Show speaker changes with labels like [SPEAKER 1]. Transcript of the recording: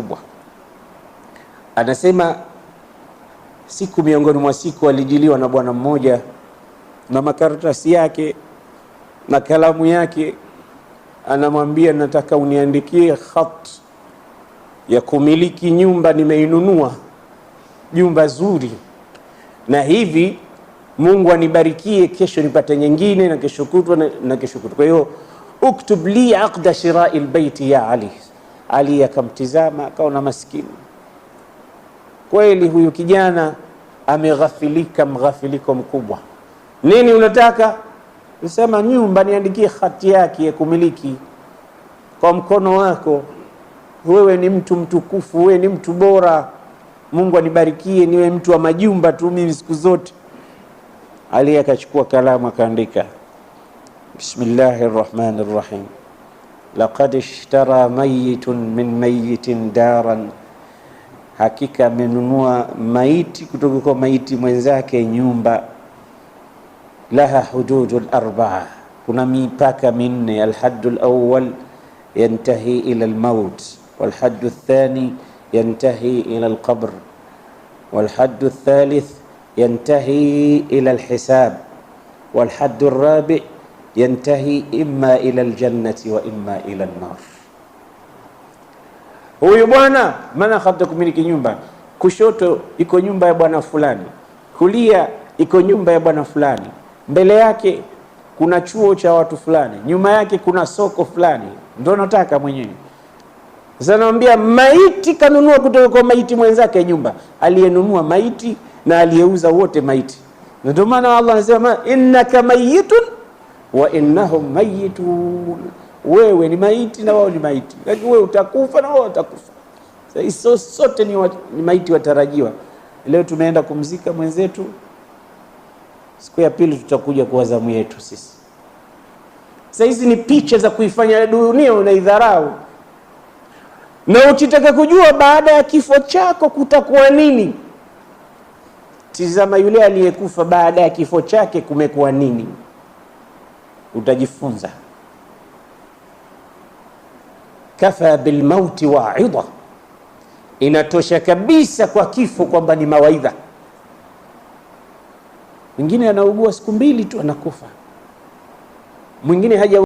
[SPEAKER 1] kubwa. Anasema siku miongoni mwa siku alijiliwa na bwana mmoja na makaratasi yake na kalamu yake, anamwambia nataka uniandikie khat ya kumiliki nyumba, nimeinunua nyumba zuri, na hivi Mungu anibarikie, kesho nipate nyingine na kesho kutwa na kesho kutwa. Kwa hiyo uktub li aqda shirai lbeiti ya Ali ali akamtizama akaona maskini kweli, huyu kijana ameghafilika mghafiliko mkubwa. Nini unataka? Nisema nyumba niandikie hati yake ya kumiliki kwa mkono wako. Wewe ni mtu mtukufu, wewe ni mtu bora, Mungu anibarikie niwe mtu wa majumba tu mimi siku zote. Ali akachukua kalamu akaandika, bismillahi rahmani rahim لقد اشترى ميت min mayitin daran, hakika amenunua maiti kutoka kwa maiti mwenzake nyumba. Laha hududu larbaa, kuna mipaka minne. Alhaddu lawal yantahi ila lmaut, walhaddu lthani yantahi ila lqabr, walhaddu lthalith yantahi ila lhisab, walhaddu lrabi yantahi imma ila aljannati wa imma ila an-nar. Huyu bwana maana hata kumiliki nyumba, kushoto iko nyumba ya bwana fulani, kulia iko nyumba ya bwana fulani, mbele yake kuna chuo cha watu fulani, nyuma yake kuna soko fulani, ndio nataka mwenyewe. Sasa naambia maiti kanunua kutoka kwa maiti mwenzake nyumba, aliyenunua maiti na aliyeuza wote maiti. Ndio maana Allah anasema innaka mayitun wa innahum mayitun, wewe ni maiti na wao ni maiti, lakini wewe utakufa na wao watakufa. Sasa sote ni, wa, ni maiti watarajiwa. Leo tumeenda kumzika mwenzetu, siku ya pili tutakuja kwa zamu yetu sisi. Sasa hizi ni picha za kuifanya dunia unaidharau, na ukitaka kujua baada ya kifo chako kutakuwa nini, tizama yule aliyekufa baada ya kifo chake kumekuwa nini utajifunza. Kafa bilmauti waidha, inatosha kabisa kwa kifo kwamba ni mawaidha. Mwingine anaugua siku mbili tu anakufa, mwingine haja